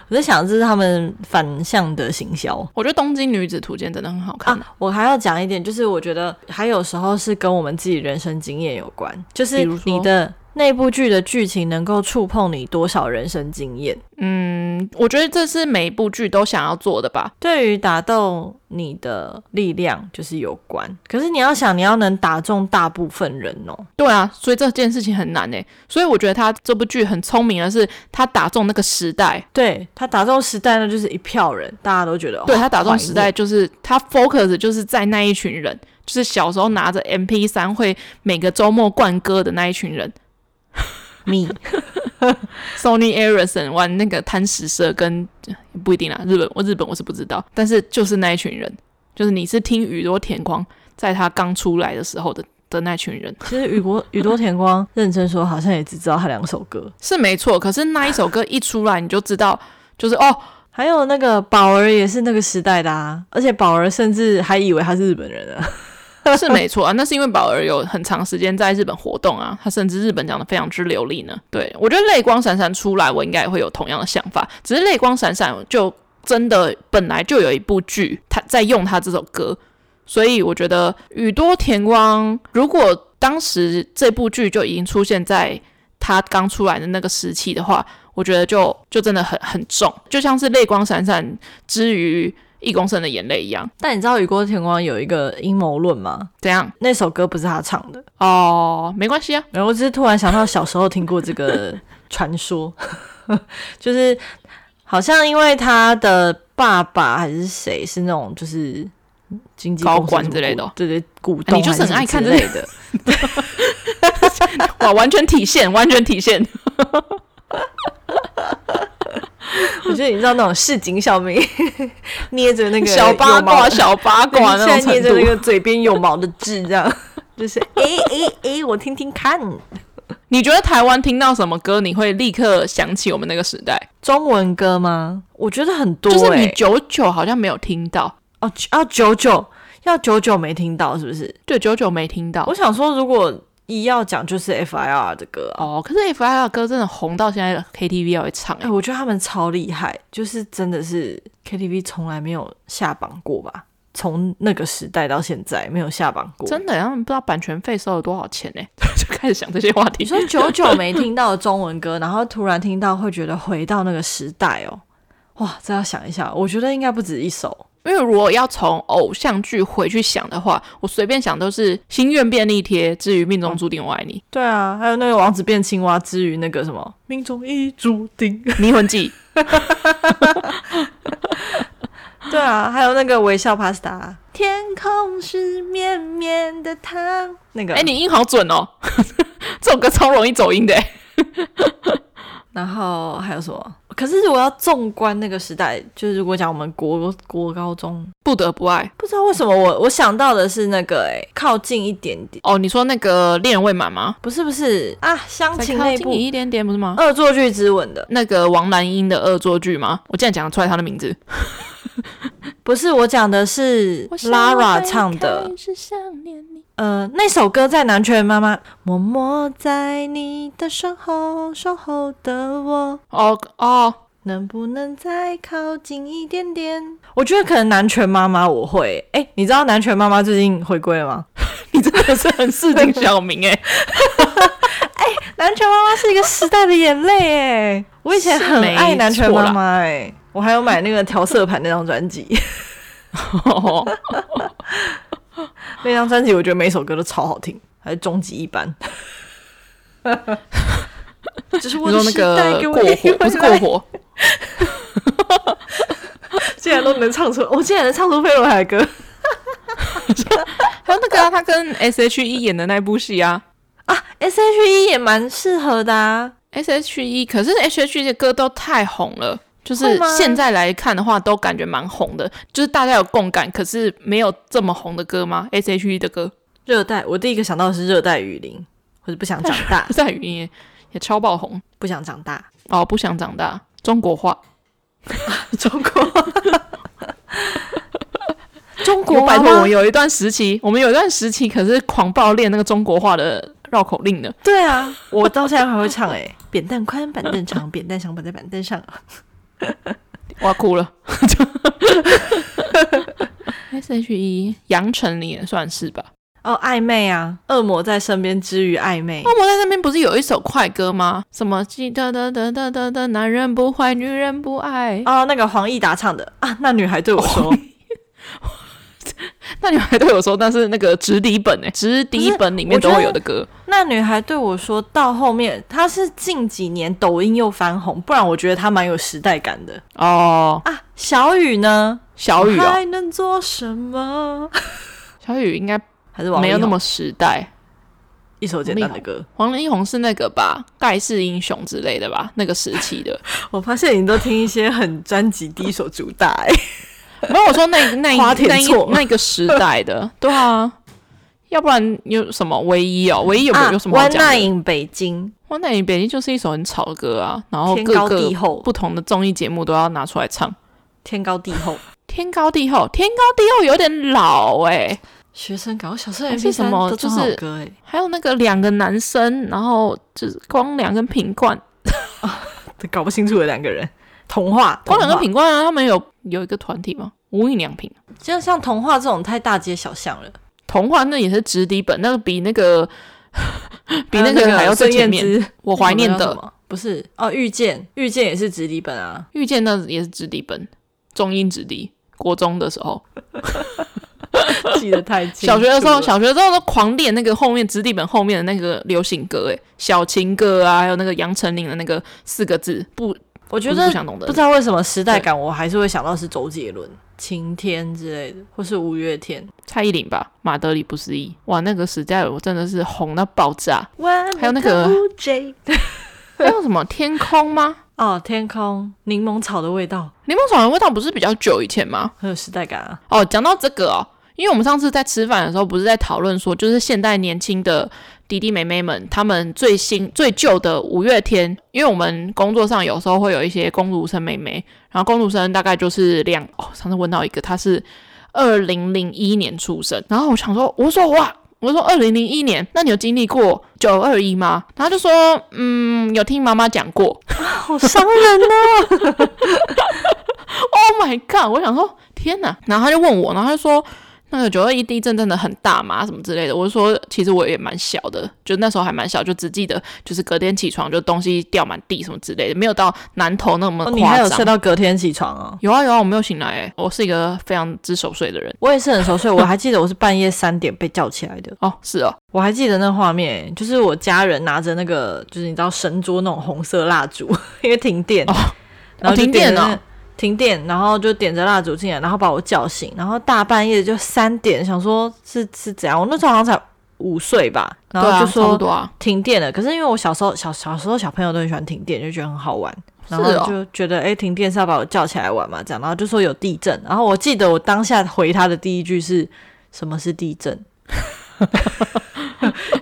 S1: 我在想這是他們反向的行銷。我覺得《東京女子圖鑑》真的很好看、啊啊。我還要講一點，就是我覺得還有時候是跟我們自己人生經驗有關，就是你的。那部劇的劇情能夠觸碰你多少人生經驗？嗯，我覺得這是每一部劇都想要做的吧。對於打動你的力量就是有關，可是你要想你要能打中大部分人哦。對啊，所以這件事情很難誒。所以我覺得他這部劇很聰明的是他打中那個時代，對他打中時代呢，就是一票人，大家都覺得哦，對他打中時代就是他 focus 就是在那一群人，就是小時候拿着 MP3 會每個周末灌歌的那一群人。Me，Sony [LAUGHS] Ericsson 玩那個貪食蛇跟不一定啦，啊，日本我日本我是不知道，但是就是那一群人，就是你是聽宇多田光在他剛出來的時候的的那群人，其實宇國宇多田光 [LAUGHS] 認真說，好像也只知道他兩首歌是沒錯，可是那一首歌一出來你就知道，就是哦，還有那個寶兒也是那個時代的啊，而且寶兒甚至還以為他是日本人啊。 [LAUGHS] 是沒錯啊，那是因為寶兒有很長時間在日本活動啊，他甚至日本講得非常之流利呢。對，我覺得淚光閃閃出來，我應該也會有同樣的想法，只是淚光閃閃就真的本來就有一部劇他在用他這首歌，所以我覺得宇多田光如果當時這部劇就已經出現在他剛出來的那個時期的話，我覺得就就真的很很重，就像是淚光閃閃之餘。一公升的眼淚一樣，但你知道雨過天光有一個陰謀論嗎？怎樣？那首歌不是他唱的哦，oh, 沒關係啊。然後就是突然想到小時候聽過這個傳說， [LAUGHS] [LAUGHS] 就是好像因為他的爸爸還是誰是那種就是經濟高管之類的，對，對對，股東、欸、你就是很愛看之類的。 [LAUGHS] [LAUGHS] 哇，完全體現，完全體現。 [LAUGHS] [LAUGHS] 我覺得你知道那種市井小民 [LAUGHS] 捏着那個小八卦、小八卦，然後現在捏着那個嘴邊有毛的痣，這樣就是誒誒誒，我聽聽看。你覺得台灣聽到什麼歌，你會立刻想起我們那個時代？時代中文歌嗎？我覺得很多、欸，就是你九九好像沒有聽到哦，啊，九九要九九沒聽到是不是？對，九九沒聽到。我想說，如果。一要講就是 FIR 的歌、啊、哦，可是 FIR 的歌真的紅到現在 KTV 要唱、欸，哎、欸，我覺得他們超厲害，就是真的是 KTV 從來沒有下榜過吧？從那個時代到現在沒有下榜過，真的、欸？然後他們不知道版權費收了多少錢呢、欸？ [LAUGHS] 就開始想這些話題。所以久久沒聽到中文歌， [LAUGHS] 然後突然聽到會覺得回到那個時代哦、喔，哇！這要想一下，我覺得應該不止一首。因為如果要從偶像劇回去想的話，我隨便想都是心願便利貼。至於命中注定我愛你、嗯，對啊，還有那個王子變青蛙，至於那個什麼命中已注定，迷魂計， [LAUGHS] [LAUGHS] 對啊，還有那個微笑 pasta，天空是綿綿的糖，那個哎、欸，你音好準哦， [LAUGHS] 這首歌超容易走音的， [LAUGHS] [LAUGHS] 然後還有什麼？可是，我要縱觀那個時代，就是如果講我們國國高中不得不愛，不知道為什麼我我想到的是那個哎、欸，靠近一點點哦，你說那個戀人未滿嗎？不是不是啊，相情那部，靠近一點點不是嗎？惡作劇之吻的那個王藍茵的惡作劇嗎？我竟然講得出來他的名字， [LAUGHS] 不是，我講的是 Lara 唱的。我想我呃，那首歌在南拳媽媽。默默在你的身後守候的我。哦哦，哦能不能再靠近一點點？我覺得可能南拳媽媽我會、欸。哎、欸，你知道南拳媽媽最近回歸了嗎？ [LAUGHS] 你真的是很適應小明哎、欸。哎、 [LAUGHS] [LAUGHS] 欸，南拳媽媽是一個時代的眼淚哎、欸。我以前很愛南拳媽媽哎，我還有買那個調色盤那張專輯。 [LAUGHS] [LAUGHS] 那張專輯我覺得每首歌都超好聽，還是終極一班。 [LAUGHS] 只是我，的我你那個過火不是過火， [LAUGHS] [LAUGHS] 竟然都能唱出，我、哦、竟然能唱出飛輪海歌。 [LAUGHS] [LAUGHS] 還有那個、啊、他跟 S H E 演的那部戲啊 S、啊、H E 也蠻適合的啊，S H E 可是 S H E 的歌都太紅了。就是現在來看的話，都感覺蠻紅的。就是大家有共感，可是沒有這麼紅的歌嗎？S.H.E 的歌《熱帶》，我第一個想到的是《熱帶雨林》，或者不想長大，《熱帶雨林》也超爆紅，《不想長大》哦，《不想長大》中國話，中國話，中國。我拜托，我有一段時期，我們有一段時期，我們有一段時期可是狂暴練那個中國話的繞口令的。對啊，我到現在還會唱哎，扁擔寬，板凳長，扁擔想綁在板凳上。 [LAUGHS] 我哭了。S H E，楊丞琳也算是吧。哦，oh, 曖昧啊，《惡魔在身邊》之於曖昧，《惡魔在身邊》不是有一首快歌嗎？什麼？記得的的男人不壞，女人不愛哦，oh, 那個黃義達唱的啊，那女孩對我說。Oh. [LAUGHS] 那女孩對我說：“那是那個直笛本誒、欸，直笛本裡面都會有的歌。”那女孩對我說：“到後面，她是近幾年抖音又翻紅，不然我覺得她蠻有時代感的哦。”啊，小雨呢？小雨、哦、還能做什麼？小雨應該還是沒有那麼時代。一首簡單的歌，王力宏是那個吧？蓋世英雄之類的吧？那個時期的， [LAUGHS] 我發現你都聽一些很專輯第一首主打、欸。沒有，我說那那一那一那一那，一那個時代的， [LAUGHS] 對啊，要不然有什麼唯一哦，唯一有沒有，有什麼、啊？One Night 北京，One Night 北京就是一首很吵的歌啊，然後天高地厚，不同的綜藝節目都要拿出來唱。天高地厚，天高地厚，天高地厚有點老誒、欸。學生搞小時候也什麼，就是歌、欸、還有那個兩個男生，然後就是光良跟品冠， [LAUGHS] 搞不清楚的兩個人。童話、光良跟品冠啊，他們有有一個團體嗎？無印良品。就像像童話這種太大街小巷了。童話那也是直笛本，那個比那個呵
S2: 呵比那個還要最前面。有有我懷念的是
S1: 不是哦，遇見遇見也是直笛本啊。遇見那也是直笛本，中音直笛。國中的時候 [LAUGHS] 記得太清，小學的時候小學的時候都狂點那個後面直笛本後面的那個流行歌，哎，小情歌啊，還有那個楊丞琳的那個四個字不。我覺得不知道為什麼時代感，我還是會想到是周杰倫《晴對天》之類的，或是五月天、蔡依林吧，《馬德里不思議》哇，那個時代我真的是紅到爆炸。One 還有那個 [LAUGHS] 還有什麼天空嗎？ [LAUGHS] 哦，天空，《檸檬草的味道》。《檸檬草的味道》不是比較久以前嗎？很有時代感啊。哦，講到這個哦。因為我們上次在吃飯的時候，不是在討論說，就是現代年輕的弟弟妹妹們，他們最新最舊的五月天。因為我們工作上有時候會有一些工讀生妹妹，然後工讀生大概就是兩。哦，上次問到一個，她是二零零一年出生，然後我想說，我說哇，我說二零零一年，那你有經歷過九二一嗎？然後他就說，嗯，有聽媽媽講過，好傷人啊、哦。 [LAUGHS] [LAUGHS] Oh my God！我想說，天哪，然後他就問我，然後他就說。那個九二一地震真的很大嘛，什麼之類的？我就說，其實我也蠻小的，就那時候還蠻小，就只記得就是隔天起床就東西掉滿地什麼之類的，沒有到南投那麼、哦。你還有睡到隔天起床啊、哦？有啊有啊，我沒有醒來、欸，我是一個非常之熟睡的人。我也是很熟睡，我還記得我是半夜三點被叫起來的。 [LAUGHS] 哦，是啊、哦，我還記得那畫面，就是我家人拿着那個，就是你知道神桌那種紅色蠟燭，因為停電哦，然後哦停電了、哦。停電，然後就點着蠟燭進來，然後把我叫醒，然後大半夜就三點，想說是是怎樣？我那時候好像才五歲吧，然後就說停電了。啊啊、可是因為我小時候小小時候小朋友都很喜歡停電，就覺得很好玩，
S2: 然後就
S1: 覺得哎、哦，停電是要把我叫起來玩嘛？這樣，然後就說有地震。然後我記得我當下回他的第一句是什麼是地震？ [LAUGHS]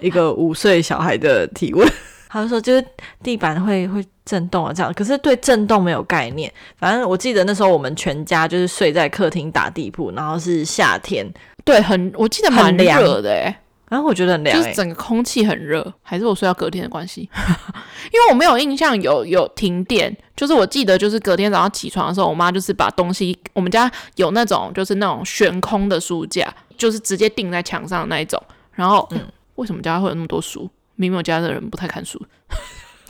S1: 一個五歲小孩的提問。他就說，就是地板會會震動啊，這樣。可是對震動沒有概念。反正我記得那時候我們全家就是睡在客廳打地鋪，然後是夏天，對，很，我記得蠻涼熱的哎。然後、啊、我覺得很涼，就是整個空氣很熱，還是我睡到隔天的關係？ [LAUGHS] 因為我沒有印象有有停電。就是我記得，就是隔天早上起床的時候，我媽就是把東西，我們家有那種就是那種懸空的書架，就是直接釘在牆上的那一種。然後，嗯，為什麼家會有那麼多書？明明我家的人不太看書，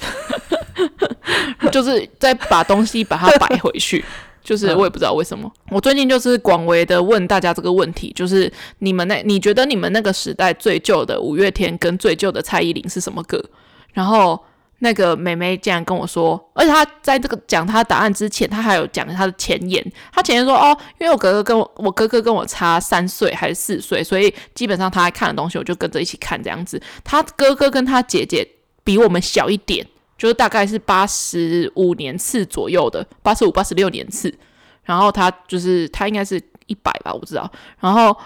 S1: [LAUGHS] [LAUGHS] 就是再把東西把它擺回去，就是我也不知道為什麼。我最近就是廣為的問大家這個問題，就是你們那你覺得你們那個時代最舊的五月天跟最舊的蔡依林是什麼歌？然後。那個妹妹竟然跟我說，而且她在這個講她答案之前，她還有講她的前言。她前言說：“哦，因為我哥哥跟我，我哥哥跟我差三歲還是四歲，所以基本上他愛看的東西我就跟着一起看這樣子。她哥哥跟她姐姐比我們小一點，就是大概是八十五年次左右的，八十五八十六年次。然後她就是她應該是一百吧，我不知道。然後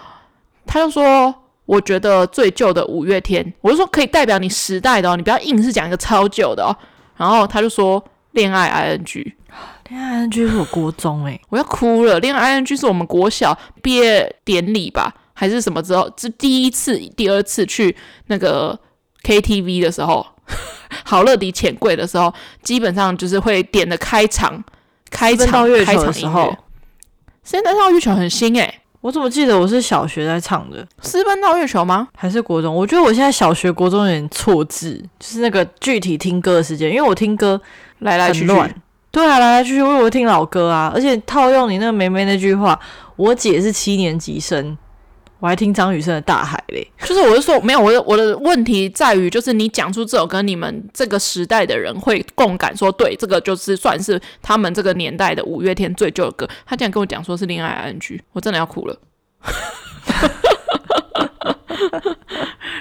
S1: 她就說。”.我覺得最舊的五月天，我就說可以代表你時代的哦，你不要硬是講一個超舊的哦。然後他就說《戀愛 I N G》，《戀愛 I N G》是我國中哎、欸，我要哭了，《戀愛 I N G》是我們國小畢業典禮吧，還是什麼之後？這第一次、第二次去那個 K T V 的時候，呵呵好樂迪錢櫃的時候，基本上就是會點的開場、開場、開場、開場的時候，《仙人掌》《月球》很新哎、欸。我怎麼記得我是小學在唱的《私奔到月球》嗎？還是國中？我覺得我現在小學、國中有點錯字，就是那個具體聽歌的時間，因為我聽歌很亂，來來去去，對啊，來來去去，因為我聽老歌啊，而且套用你那個梅梅那句話，我姐是七年級生。我還聽張雨生的《大海》嘞，就是我就說沒有，我的我的問題在於就是你講出這首歌，你們這個時代的人會共感說，說對這個就是算是他們這個年代的五月天最舊的歌。他竟然跟我講說是戀愛 ing，我真的要哭了。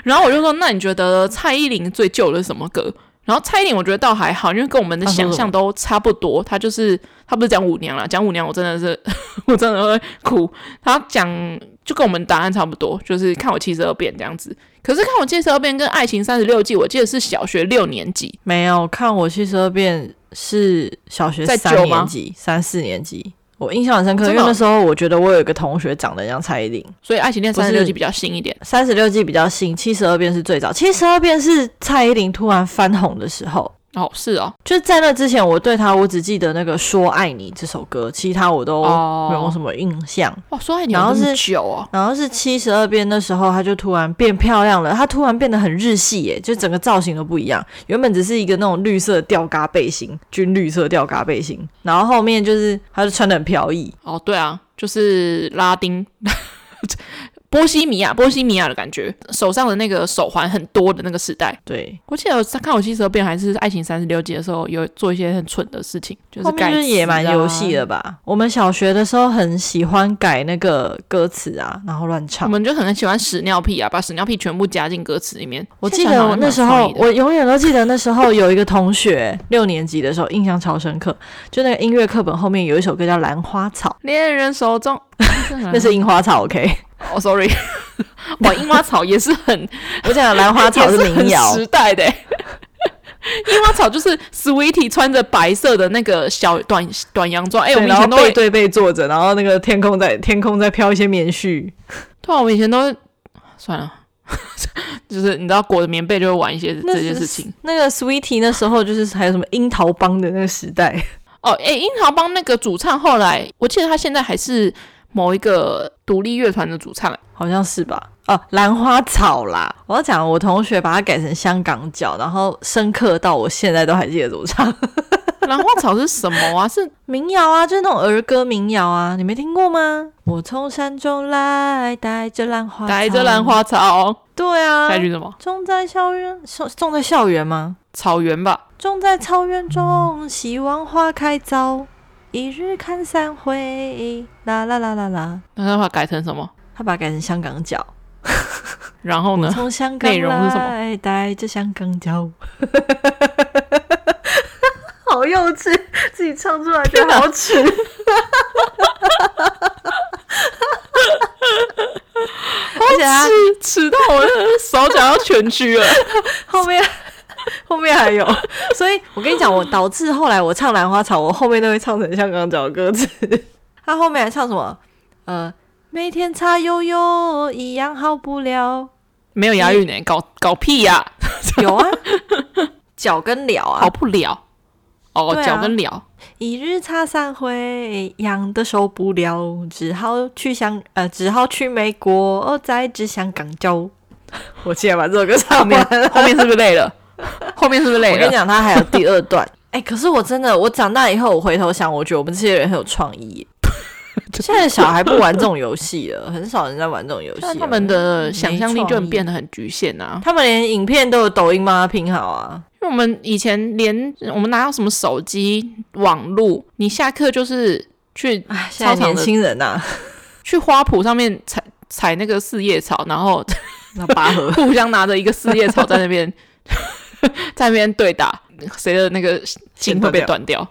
S1: 然後我就說，那你覺得蔡依林最舊的是什麼歌？然後蔡依林我覺得倒還好，因為跟我們的想象都差不多。他，他就是他不是講舞娘了，講舞娘我真的是 [LAUGHS] 我真的會哭。他講。就跟我們答案差不多，就是看我七十二變這樣子。可是看我七十二變跟愛情三十六計，我記得是小學六年級。沒有，看我七十二變是小學三年級、三四年級。我印象很深刻，因為的那時候我覺得我有一個同學長得像蔡依林，所以愛情戀三十六計比較新一點，三十六計比較新，七十二變是最早。七十二變是蔡依林突然翻紅的時候。哦，是哦。就在那之前，我對他，我只記得那個《說愛你》這首歌，其他我都沒有什麼印象。哇、哦，哦，《說愛你》有那麼久哦。然後是九哦，然後是七十二變的時候，他就突然變漂亮了，他突然變得很日系，耶，就整個造型都不一樣。原本只是一個那種綠色吊嘎背心，軍綠色吊嘎背心，然後後面就是他就穿的很飄逸。哦，對啊，就是拉丁。 [LAUGHS] 波西米亞，波西米亞的感覺，手上的那個手環很多的那個時代。對，我記得在看我《七十二變》還是《愛情三十六計》的時候，有做一些很蠢的事情，就是感覺、啊、也蠻遊戲的吧。我們小學的時候很喜歡改那個歌詞啊，然後亂唱。我們就很喜歡屎尿屁啊，把屎尿屁全部加進歌詞裡面。我記得我那時候，我，我永遠都記得那時候有一個同學，六 [LAUGHS] 年級的時候印象超深刻，就那個音樂課本後面有一首歌叫《蘭花草》，戀人手中。是 [LAUGHS] 那是櫻花草，OK。哦、oh,，sorry，哇，櫻花草也是很， [LAUGHS] 我講蘭花草是民謠時代的，櫻 [LAUGHS] 花草就是 Sweety 穿着白色的那個小短短洋裝，哎、欸，對我們以前都會然後背對背坐着，然後那個天空在天空在飄一些棉絮。對、啊，我們以前都算了， [LAUGHS] 就是你知道裹着棉被就會玩一些是這些事情。那個 Sweety 那時候就是還有什麼櫻桃幫的那個時代。哦，哎、欸，櫻桃幫那個主唱後來我記得他現在還是。某一個獨立樂團的主唱，欸，好像是吧？啊，蘭花草啦！我要講，我同學把它改成香港腳，然後深刻到我現在都還記得怎麼唱。蘭 [LAUGHS] 花草是什麼啊？是民謠啊，就是那種兒歌民謠啊，你沒聽過嗎？我從山中來，帶着蘭花，帶着蘭花草。花草對啊。下一句什麼種園？種在校園，種種在校園嗎？草原吧。種在草原中，希望花開早。一日看三回，啦啦啦啦啦。那他把他改成什麼？他把他改成香港腳。 [LAUGHS] 然後呢？從香港來，內容是什麼？帶着香港腳。 [LAUGHS] 好幼稚，自己唱出來就好恥。而且恥，恥到我的手腳要蜷曲了， [LAUGHS] 後面、啊。後面還有，所以我跟你講，我導致後來我唱《蘭花草》，我後面都會唱成香港腳的歌詞。他、啊、後面還唱什麼？呃，每天擦悠悠一樣好不了，沒有押韻呢，搞搞屁呀、啊！有啊， [LAUGHS] 腳跟了啊，好不了哦，啊、腳跟了。一日擦三回，癢得受不了，只好去香呃，只好去美國，再治香港腳。我竟然把這首歌唱完了、啊，後面是不是累了？ [LAUGHS] 後面是不是累？我跟你講，他還有第二段。哎、 [LAUGHS] 欸，可是我真的，我長大以後，我回頭想，我覺得我們這些人很有創意。 [LAUGHS] 現在小孩不玩這種遊戲了，很少人在玩這種遊戲、啊。他們的想象力就很變得很局限啊，他們連影片都有抖音嗎？拼好啊！因為我們以前連我們哪有什麼手機、網絡，你下課就是去操場。年輕人吶、啊，去花圃上面採採那個四葉草，然後拔河， [LAUGHS] 八 [LAUGHS] 互相拿着一個四葉草在那邊。 [LAUGHS] [LAUGHS] 在那邊對打，誰的那個心會被斷掉、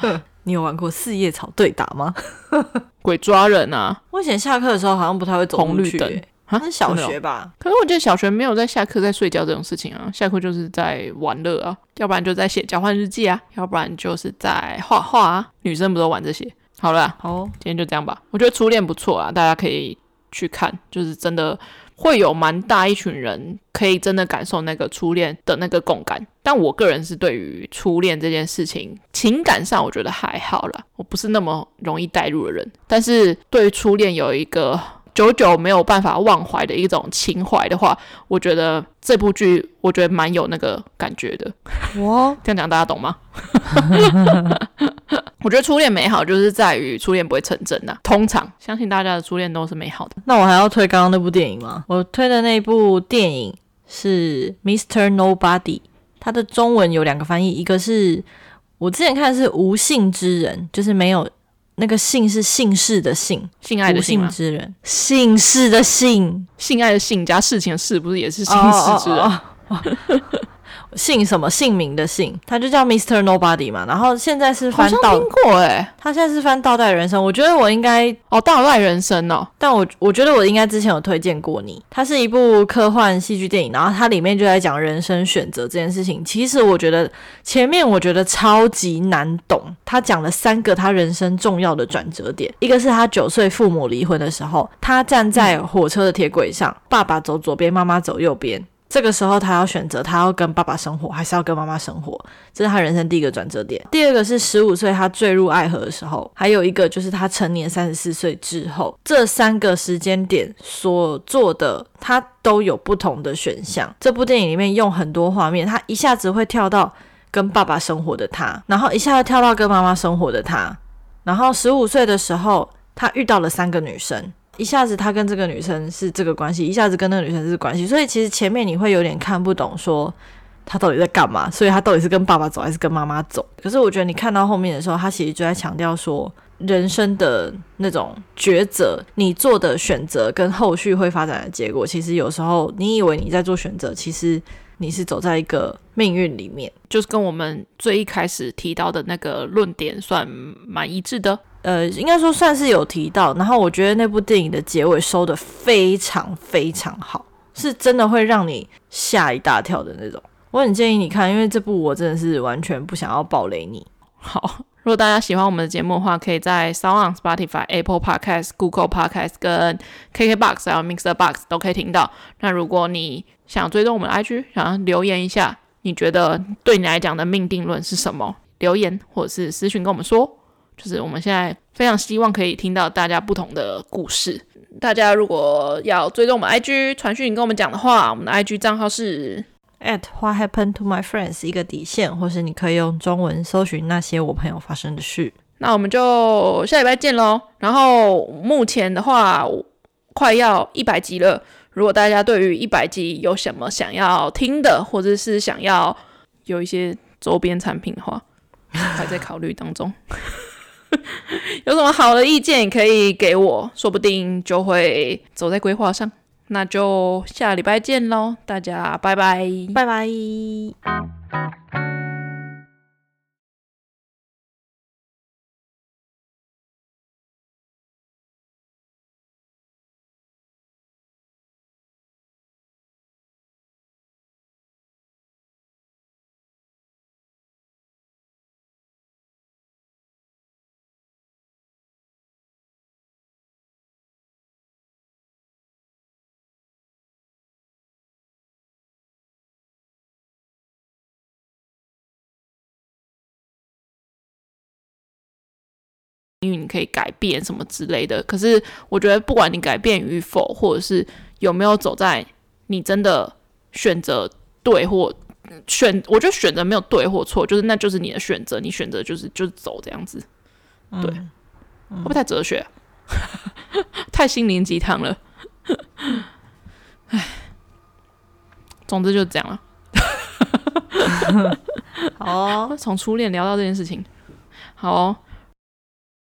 S1: 掉？你有玩過四葉草對打嗎？ [LAUGHS] 鬼抓人啊！我以前下課的時候好像不太會走出去、欸、紅綠燈啊，是小學吧？可是我覺得小學沒有在下課在睡覺這種事情啊，下課就是在玩樂啊，要不然就在寫交換日記啊，要不然就是在畫畫啊。女生不都玩這些？好了、啊，好、哦，今天就這樣吧。我覺得初戀不錯啊，大家可以去看，就是真的。會有蠻大一群人可以真的感受那個初戀的那個共感，但我個人是對於初戀這件事情情感上我覺得還好啦，我不是那麼容易代入的人，但是對於初戀有一個。久久沒有辦法忘懷的一種情懷的話，我覺得這部劇我覺得蠻有那個感覺的。哇，這樣講大家懂嗎？ [LAUGHS] [LAUGHS] 我覺得初戀美好就是在於初戀不會成真的、啊、通常相信大家的初戀都是美好的。那我還要推剛剛那部電影嗎？我推的那部電影是《Mr. Nobody》，它的中文有兩個翻譯，一個是我之前看的是“無性之人”，就是沒有。那個姓是姓氏的姓，性愛的性，姓之人姓氏的姓，姓，的姓，性愛的性加事情的事，不是也是姓氏之人。Oh, oh, oh, oh. [LAUGHS] 姓什麼，姓名的姓，他就叫 Mr. Nobody 嘛，然後現在是翻到聽過誒、欸、他現在是翻到《倒帶人生》，我覺得我應該哦，《倒帶人生》哦，但我我覺得我應該之前有推薦過你，它是一部科幻戲劇電影，然後它裡面就在講人生選擇這件事情。其實我覺得前面我覺得超級難懂，他講了三個他人生重要的轉折點，一個是他九歲父母離婚的時候，他站在火車的鐵軌上，嗯、爸爸走左邊，媽媽走右邊。這個時候，他要選擇他要跟爸爸生活，還是要跟媽媽生活，這是他人生第一個轉折點。第二個是十五歲他墜入愛河的時候，還有一個就是他成年三十四歲之後，這三個時間點所做的，他都有不同的選項。這部電影裡面用很多畫面，他一下子會跳到跟爸爸生活的他，然後一下子跳到跟媽媽生活的他，然後十五歲的時候，他遇到了三個女生。一下子他跟這個女生是這個關係，一下子跟那個女生是這個關係，所以其實前面你會有點看不懂，說他到底在幹嘛，所以他到底是跟爸爸走還是跟媽媽走。可是我覺得你看到後面的時候，他其實就在強調說，人生的那種抉擇，你做的選擇跟後續會發展的結果，其實有時候你以為你在做選擇，其實你是走在一個命運裡面，就是跟我們最一開始提到的那個論點算蠻一致的。呃，應該說算是有提到，然後我覺得那部電影的結尾收的非常非常好，是真的會讓你嚇一大跳的那種。我很建議你看，因為這部我真的是完全不想要暴雷你。好，如果大家喜歡我們的節目的話，可以在 s o n l o Spotify、Apple Podcast、Google Podcast 跟 KKBox 還有 Mixer Box 都可以聽到。那如果你想追蹤我們的 IG，想要留言一下，你覺得對你來講的命定論是什麼？留言或者是私訊跟我們說。就是我們現在非常希望可以聽到大家不同的故事。大家如果要追蹤我們 IG 傳訊，跟我們講的話，我們的 IG 賬號是 @WhatHappenedToMyFriends 一個底線，或是你可以用中文搜尋那些我朋友發生的事。那我們就下禮拜見嘍。然後目前的話，快要一百集了。如果大家對於一百集有什麼想要聽的，或者是想要有一些周邊產品的話， [LAUGHS] 還在考慮當中。 [LAUGHS] 有什麼好的意見可以給我，說不定就會走在規劃上。那就下禮拜見嘍，大家拜拜，拜拜。因為你可以改變什麼之類的，可是我覺得，不管你改變與否，或者是有沒有走在你真的選擇對或選，我覺得選擇沒有對或錯，就是那就是你的選擇，你選擇就是就是走這樣子，對，嗯嗯、我不太哲學、啊， [LAUGHS] 太心靈雞湯了，唉， [LAUGHS] 總之就這樣了。 [LAUGHS] 好、哦，從初戀聊到這件事情，好、哦。